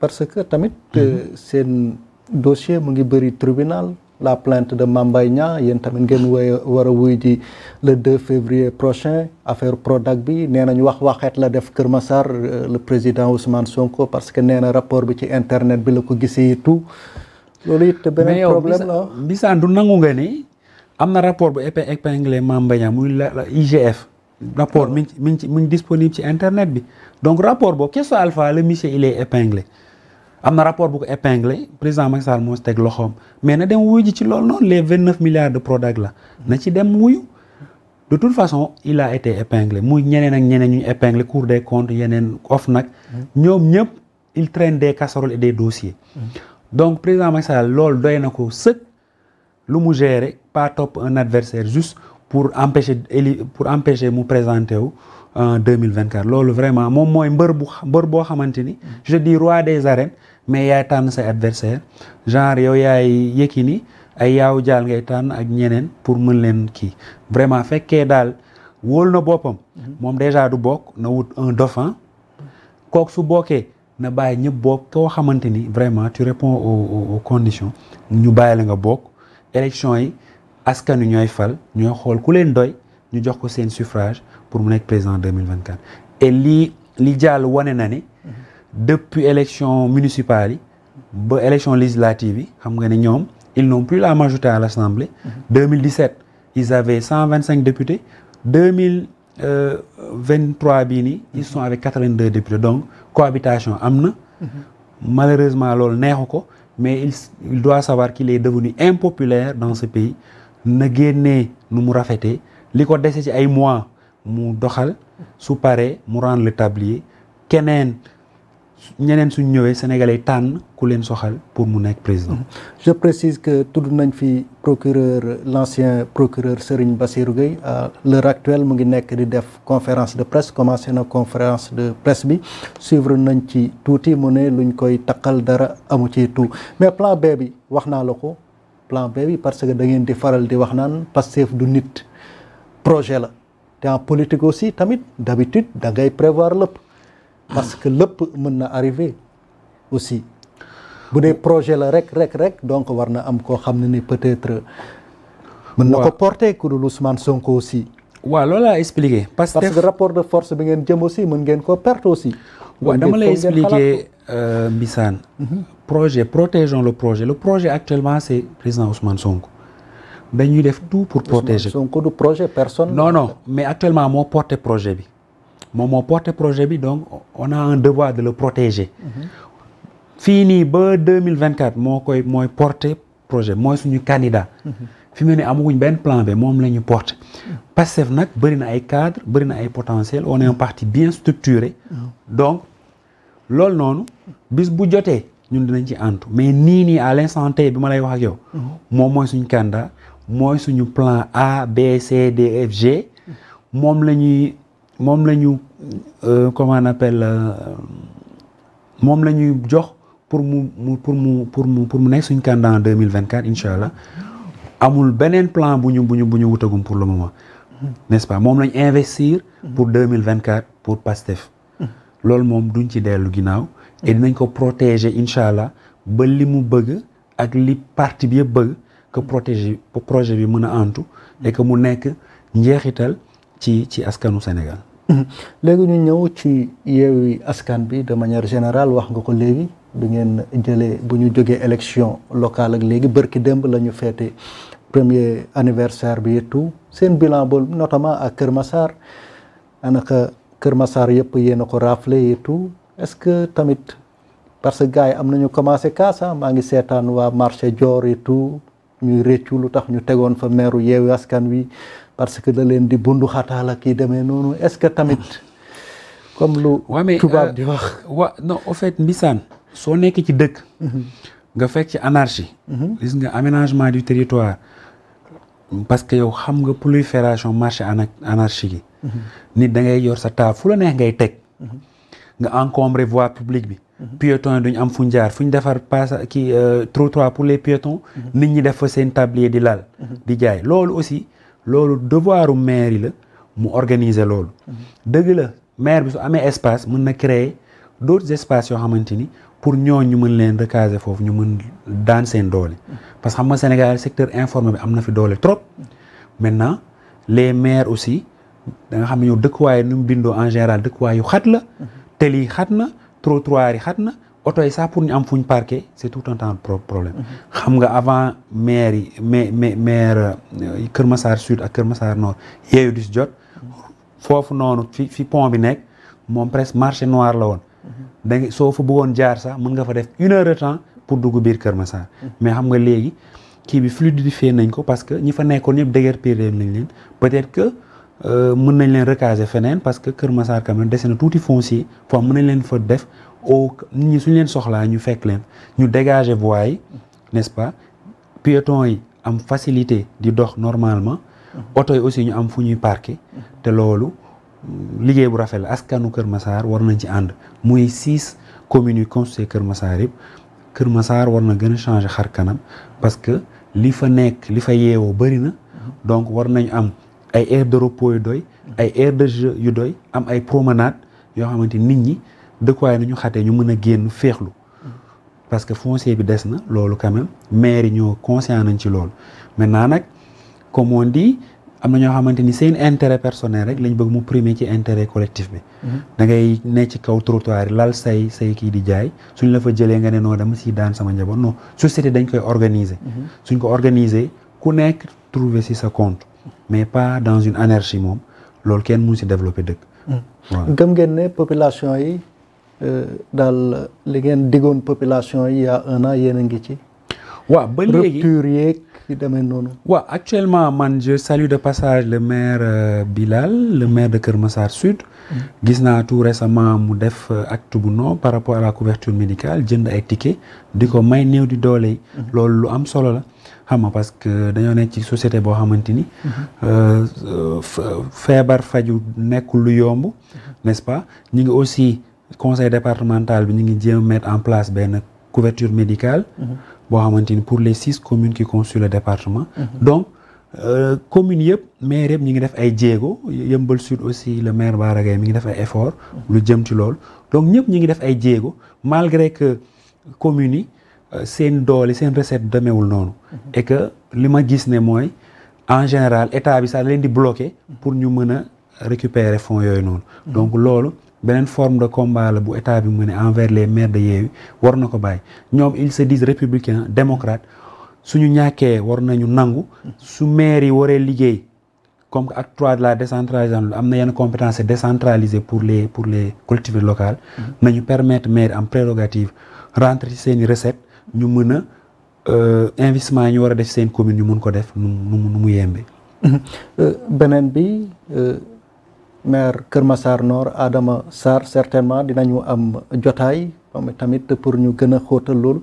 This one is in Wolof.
parce que tamit euh, mhm. seen dossier mu ngi bëri tribunal la plante de Mame Mbaye Niang yéen tamit ngeen mhm. woy war a wuy ji le 2 février prochain affaire Prodac bi nee nañu wax waxeet la def Kër Massar euh, le président Ousmane Sonko parce que nee na rapport bi ci internet bi la ko gisee tout loolu it beneen problème la bisaan du nangu nga ni am na rapport bu épinglé Mame Mbaye Niang muy la IGF rapport mi ngi mi ngi mi ngi disponible ci internet bi donc rapport boo question alpha le monsieur il est am na rapport bu ko épinglé président Macky moo si teg loxoom mais na dem wuyu ji ci loolu noonu les vingt neuf milliards de Prodac la na ci dem wuyu de toute façon il a été épinglé muy ñeneen ak ñeneen ñu épinglé Cour des comptes yeneen nag ñoom ñëpp il traîne des casseroles et des dossiers donc président Macky Sall loolu doy na ko sëkk lu mu gérer pas topp un adversaire pour empêcher pour empêcher mu présenter wu en deux mille vingt quatre loolu vraiment moom mooy mbër bu mbër boo xamante ni mm. je dis roi des arènes mais yaay tànn say adversaire genre yow yaay Yékini ay yaaw jaal ngay tànn ak ñeneen pour mën leen kii vraiment fekkee daal wóolu na boppam. Mm-hmm. moom déjà du bokk na wut un dauphin. kooku su bokkee na bàyyi ñëpp bokk koo xamante ni vraiment tu réponds aux aux ñu bàyyi la nga bokk élection yi. askan wi ñooy fal ñooy xool ku leen doy ñu jox ko seen suffrage pour mu nekk président 2024 et lii li jàll wane na ne depuis élection municipale yi ba élection législative yi xam nga ne ñoom ils n'ont plus la majorité à l'Assemblée 2017 ils avaient 125 députés 2023 bii nii ils sont avec 82 députés donc cohabitation am na malheureusement loolu neexu ko mais il doit savoir qu'il est devenu impopulaire dans ce pays na génnee nu mu rafetee li ko dese ci ay mois mu doxal su paree mu rendre le tablier keneen ñeneen suñ ñëwee sénégalais tànn ku leen soxal pour mu nekk président. Mm-hmm. je précise que tudd nañ fi procureur l'ancien procureur Serigne Bassirou Gueye à l'heure actuelle mu ngi nekk di def conférence de presse commencé na conférence de presse bi suivre nañ ci tuuti mu ne luñ koy taqal dara amu ci tout mais plan B bi wax naa la ko. plan B bi parce que da ngeen di faral di wax naan Pastef du nit projet la te en politique aussi tamit d'habitude da ngay prévoir lépp parce que lépp mën na arriver aussi bu dee projet la rek rek rek donc war na am koo xam ne ni peut-être mën na ko porter ku dul Ousmane Sonko aussi waa loolu laa expliqué parce que rapport de force bi ngeen jëm aussi mën ngeen ko perte aussi waaw dama lay expliquer euh, Mbissane mm -hmm. projet protégeons le projet le projet actuellement c'est président Ousmane Sonko dañuy def tout pour Ousmane protéger Sonko projet personne non mais actuellement moo porte projet bi moom moo porte projet bi donc on a un devoir de le protéger mhm. fii nii ba deux mille vingt quatre moo koy mooy porter projet mooy suñu candidat mhm. fi mu ne amaguñ benn plan B moom la ñu porte mhm. Pastef nag bëri na ay cadre bëri na ay potentiel on est un parti bien structuré donc loolu noonu bis bu jotee ñun dinañ ci antu mais nii nii à l'instant bi ma lay wax ak yow. Mhm. moom mooy suñu candidat mooy suñu plan A B C D F G moom la ñuy moom la ñu euh, comment on euh, la ñuy jox pour mu mu pour mu pour mu pour mu nekk suñu candidat en deux mille vingt allah amul beneen plan bu ñu bu ñu bu ñu wutagum pour le moment n'est-ce pas moom lañ investir. pour mhm. deux mille vingt quatre pour Pastef. loolu moom duñ ci dellu ginnaaw et nañ ko protéger incha allah ba li mu bëgg ak li parti bi yëpp bëgg que protéger projet bi mën a antu et que mu nekk njeexital ci ci askanu Sénégal mhm. léegi ñu ñëw ci yeewi askan bi de manière générale wax nga ko léegi bi ngeen jëlee bu ñu jógee élection locale ak léegi bërki démb la ñu feete premier anniversaire bi yëttu seen bilan ba notamment à Kër Massar anaka Kër Massar yëpp yéen a ko raflé et tout est-ce que tamit parce que gars yi am nañu commencé kaasa ah, maa ngi seetaan waa marché Dior et tout ñuy réccu lu tax ñu tegoon fa meeru yeewu askan wi parce que da leen di bundu xataal kii demee noonu est-ce que tamit comme lu tubaab euh, di wax wa non au fait mbisaan soo nekkee ci dëkk mhm. nga fekk ci anarchie mhm. gis nga aménagement du territoire parce que yow xam nga prolifération marché anarchie yi nit da ngay yor sa taa fu la neex ngay teg. nga encombré voie publique bi. piétons yi duñ am fuñ jaar fuñ defar passe kii euh, trottoir pour les piétons. nit ñi def fa seen di laal. di jaay loolu aussi loolu devoiru maire yi la mu organiser loolu. dëgg la maire su amee espace mën na créer d'autres espaces yoo xamante ni pour ñooñu ñu mën leen recaser foofu ñu mën daan seen doole. parce que xam Sénégal secteur informel bi am na fi doole trop. maintenant les maires aussi. da nga xam ne yow dëkkuwaay nu mu bindoo en général dëkkuwaay yu xat la. tali yi xat na trottoir yi xat na oto yi sax pour ñu am fuñ parqué c' est tout un temps problème. xam nga avant maire yi maire maire euh, Kër Massar sud ak Kër Massar nord yeeyu dis jot. foofu noonu fi fi pont bi nekk moom presque marché noir la woon. da nga soo fa bëggoon jaar sax mën nga fa def une heure de temps pour dugg biir Kër Massar. mais xam nga léegi kii bi fluidifié nañ ko parce que ñi fa nekkoon ñëpp déguerpir nañ leen peut-être que. Euh, mën nañ leen recaser feneen parce que Kër Massar quand même dese na tuuti foncier foo mën nañ leen fa def au nit ñi suñ leen soxlaa ñu fekk leen ñu dégager voie yi n'est-ce yi am facilité di dox normalement oto aussi ñu am fu ñuy parquer te loolu liggéey bu rafet la askanu Kër masaar war nañ ci ànd muy six communes yu constitué Kër Massar yëpp Kër masaar war na gën a changer xar kanam parce que li fa nekk li fa yeewoo bëri na donc war nañu am ay aire de repos yu doy yu doy am ay promenade yoo xamante nit ñi dëkkuwaay nu ñu xatee ñu mën a génn féexlu parce que foncier bi des na loolu quand même maire yi ñoo conscient nañ ci loolu maintenant nag comme di am na ñoo xamante ni seen intérêt personnel rek lañ bëgg mu primer ci intérêt collectif bi mhm. da ngay ne ci kaw trottoir lal say say kii di jaay suñ la fa jëlee nga ne noo dama si daan sama njaboot non société dañ koy organiser mhm. suñ ko organiser ku nekk trouver sa compte mais pas dans une anarchie moom loolu kenn mënu si développer dëkk. Hmm. gëm ngeen ne population yi euh, daal li ngeen diggoon population yi y' a ngi ci. waaw ba léegi yu demee noonu. waaw actuellement man je salue de passage le maire euh, bilaal le maire de Kër Massar Sud. gis naa tout récemment mu def euh, acte bu non par rapport à la couverture médicale jënd ay ticket di ko may néew di doole yi. loolu lu am solo la. xam parce que dañoo nekk ci société boo xamante ni. Euh, feebar faju nekkul lu yomb. n'est-ce pas ñu ngi aussi conseil départemental bi ñu ngi jéem mettre en place benn couverture médicale. boo xamante ni pour les six communes ki constituent le département. donc euh, communes yëpp maire yëpp ñu ngi def ay jéego Yeumbeul Sud aussi le maire Bara Gaye mi ngi def ay lu jëm ci loolu donc ñëpp ñu ngi def ay jéego malgré que communes yi euh, seen doole seen recette demewul noonu. et que li ma gis ne mooy en général état bi sax leen di bloqué pour ñu mën a récupérer fonds yooyu noonu. donc loolu. beneen forme de combat la bu état bi mu ne envers les maires de Yewwi war na ko bàyyi ñoom ils se disent républicains démocrates suñu ñàkkee war nañu nangu su maire yi waree liggéey comme que acte trois de la décentralisation am na yenn compétence décentraliser pour les pour les collectivités locales mm-hmm. nañu permettre maire am prérogative rentrer ci seen i recette ñu mën a euh, investissement yi ñu war a def seen commune ñu mun ko def nu mu nu mu yembe mm-hmm. euh, maire Kër ma Massar Nord Adama saar certainement dinañu am jotaay moom tamit pour ñu gën a xóotal loolu